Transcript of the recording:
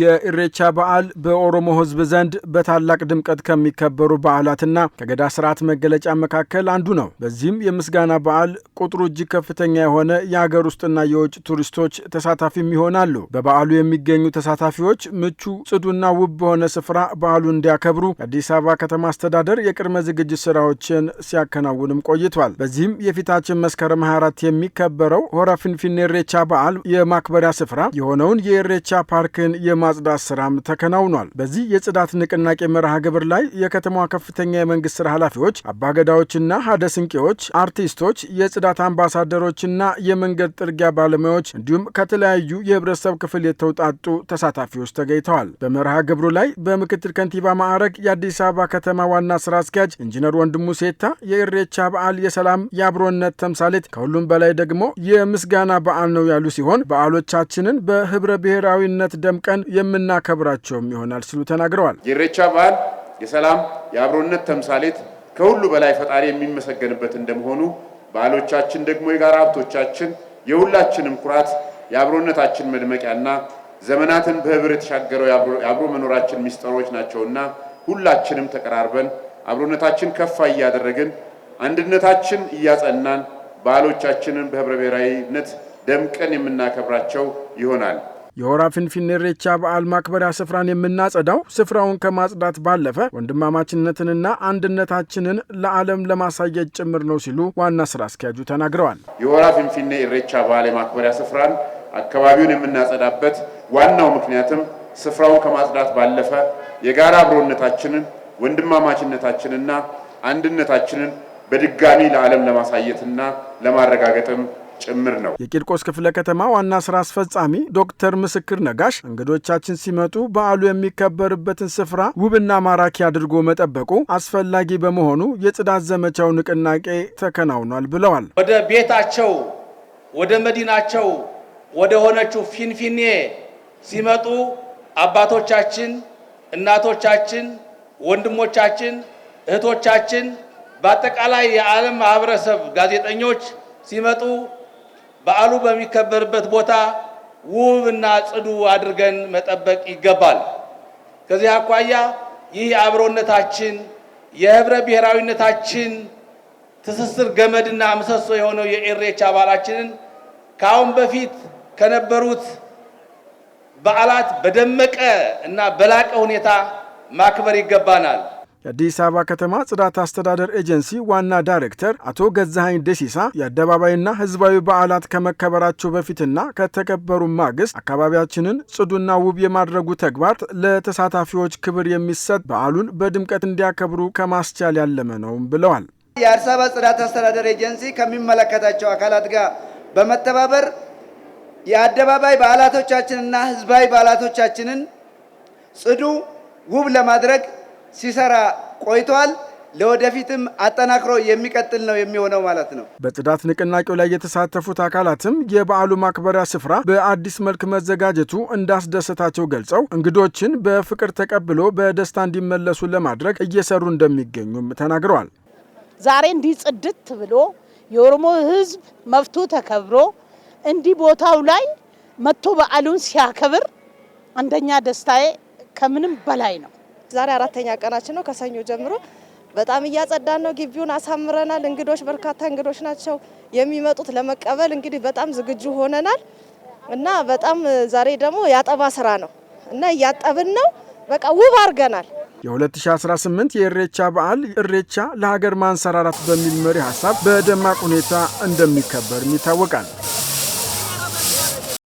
የኢሬቻ በዓል በኦሮሞ ህዝብ ዘንድ በታላቅ ድምቀት ከሚከበሩ በዓላትና ከገዳ ስርዓት መገለጫ መካከል አንዱ ነው። በዚህም የምስጋና በዓል ቁጥሩ እጅግ ከፍተኛ የሆነ የአገር ውስጥና የውጭ ቱሪስቶች ተሳታፊም ይሆናሉ። በበዓሉ የሚገኙ ተሳታፊዎች ምቹ፣ ጽዱና ውብ በሆነ ስፍራ በዓሉ እንዲያከብሩ አዲስ አበባ ከተማ አስተዳደር የቅድመ ዝግጅት ስራዎችን ሲያከናውንም ቆይቷል። በዚህም የፊታችን መስከረም 24 የሚከበረው ሆራ ፊንፊኔ ኢሬቻ በዓል የማክበሪያ ስፍራ የሆነውን የኢሬቻ ፓርክን የማጽዳት ስራም ተከናውኗል። በዚህ የጽዳት ንቅናቄ መርሃ ግብር ላይ የከተማዋ ከፍተኛ የመንግስት ስራ ኃላፊዎች፣ አባገዳዎችና ሀደ ስንቄዎች፣ አርቲስቶች፣ የጽዳት አምባሳደሮችና የመንገድ ጥርጊያ ባለሙያዎች እንዲሁም ከተለያዩ የህብረተሰብ ክፍል የተውጣጡ ተሳታፊዎች ተገኝተዋል። በመርሃ ግብሩ ላይ በምክትል ከንቲባ ማዕረግ የአዲስ አበባ ከተማ ዋና ስራ አስኪያጅ ኢንጂነር ወንድሙ ሴታ የኢሬቻ በዓል የሰላም የአብሮነት ተምሳሌት ከሁሉም በላይ ደግሞ የምስጋና በዓል ነው ያሉ ሲሆን በዓሎቻችንን በህብረ ብሔራዊነት ደምቀን አብረን የምናከብራቸውም ይሆናል ሲሉ ተናግረዋል። የኢሬቻ በዓል የሰላም የአብሮነት ተምሳሌት ከሁሉ በላይ ፈጣሪ የሚመሰገንበት እንደመሆኑ በዓሎቻችን ደግሞ የጋራ ሀብቶቻችን የሁላችንም ኩራት የአብሮነታችን መድመቂያና ዘመናትን በህብር የተሻገረው የአብሮ መኖራችን ሚስጥሮች ናቸውና ሁላችንም ተቀራርበን አብሮነታችን ከፋ እያደረግን አንድነታችን እያጸናን በዓሎቻችንን በህብረ ብሔራዊነት ደምቀን የምናከብራቸው ይሆናል። የሆራ ፊንፊኔ ኢሬቻ በዓል ማክበሪያ ስፍራን የምናጸዳው ስፍራውን ከማጽዳት ባለፈ ወንድማማችነትንና አንድነታችንን ለዓለም ለማሳየት ጭምር ነው ሲሉ ዋና ስራ አስኪያጁ ተናግረዋል። የሆራ ፊንፊኔ ኢሬቻ በዓል የማክበሪያ ስፍራን አካባቢውን የምናጸዳበት ዋናው ምክንያትም ስፍራውን ከማጽዳት ባለፈ የጋራ አብሮነታችንን ወንድማማችነታችንና አንድነታችንን በድጋሚ ለዓለም ለማሳየትና ለማረጋገጥም ጭምር ነው። የቂርቆስ ክፍለ ከተማ ዋና ስራ አስፈጻሚ ዶክተር ምስክር ነጋሽ እንግዶቻችን ሲመጡ በዓሉ የሚከበርበትን ስፍራ ውብና ማራኪ አድርጎ መጠበቁ አስፈላጊ በመሆኑ የጽዳት ዘመቻው ንቅናቄ ተከናውኗል ብለዋል። ወደ ቤታቸው ወደ መዲናቸው ወደ ሆነችው ፊንፊኔ ሲመጡ አባቶቻችን፣ እናቶቻችን፣ ወንድሞቻችን፣ እህቶቻችን በአጠቃላይ የዓለም ማህበረሰብ ጋዜጠኞች ሲመጡ በዓሉ በሚከበርበት ቦታ ውብና ጽዱ አድርገን መጠበቅ ይገባል። ከዚህ አኳያ ይህ የአብሮነታችን የህብረ ብሔራዊነታችን ትስስር ገመድና ምሰሶ የሆነው የኢሬቻ አባላችንን ከአሁን በፊት ከነበሩት በዓላት በደመቀ እና በላቀ ሁኔታ ማክበር ይገባናል። የአዲስ አበባ ከተማ ጽዳት አስተዳደር ኤጀንሲ ዋና ዳይሬክተር አቶ ገዛሀኝ ደሲሳ የአደባባይና ህዝባዊ በዓላት ከመከበራቸው በፊትና ከተከበሩ ማግስት አካባቢያችንን ጽዱና ውብ የማድረጉ ተግባር ለተሳታፊዎች ክብር የሚሰጥ በዓሉን በድምቀት እንዲያከብሩ ከማስቻል ያለመ ነውም ብለዋል። የአዲስ አበባ ጽዳት አስተዳደር ኤጀንሲ ከሚመለከታቸው አካላት ጋር በመተባበር የአደባባይ በዓላቶቻችንና ህዝባዊ በዓላቶቻችንን ጽዱ ውብ ለማድረግ ሲሰራ ቆይቷል። ለወደፊትም አጠናክሮ የሚቀጥል ነው የሚሆነው ማለት ነው። በጽዳት ንቅናቄው ላይ የተሳተፉት አካላትም የበዓሉ ማክበሪያ ስፍራ በአዲስ መልክ መዘጋጀቱ እንዳስደሰታቸው ገልጸው እንግዶችን በፍቅር ተቀብሎ በደስታ እንዲመለሱ ለማድረግ እየሰሩ እንደሚገኙም ተናግረዋል። ዛሬ እንዲህ ጽድት ብሎ የኦሮሞ ሕዝብ መብቱ ተከብሮ እንዲህ ቦታው ላይ መጥቶ በዓሉን ሲያከብር አንደኛ ደስታዬ ከምንም በላይ ነው። ዛሬ አራተኛ ቀናችን ነው። ከሰኞ ጀምሮ በጣም እያጸዳን ነው። ግቢውን አሳምረናል። እንግዶች በርካታ እንግዶች ናቸው የሚመጡት ለመቀበል እንግዲህ በጣም ዝግጁ ሆነናል እና በጣም ዛሬ ደግሞ ያጠባ ስራ ነው እና እያጠብን ነው። በቃ ውብ አድርገናል። የ2018 የእሬቻ በዓል እሬቻ ለሀገር ማንሰራራት በሚል መሪ ሀሳብ በደማቅ ሁኔታ እንደሚከበርም ይታወቃል።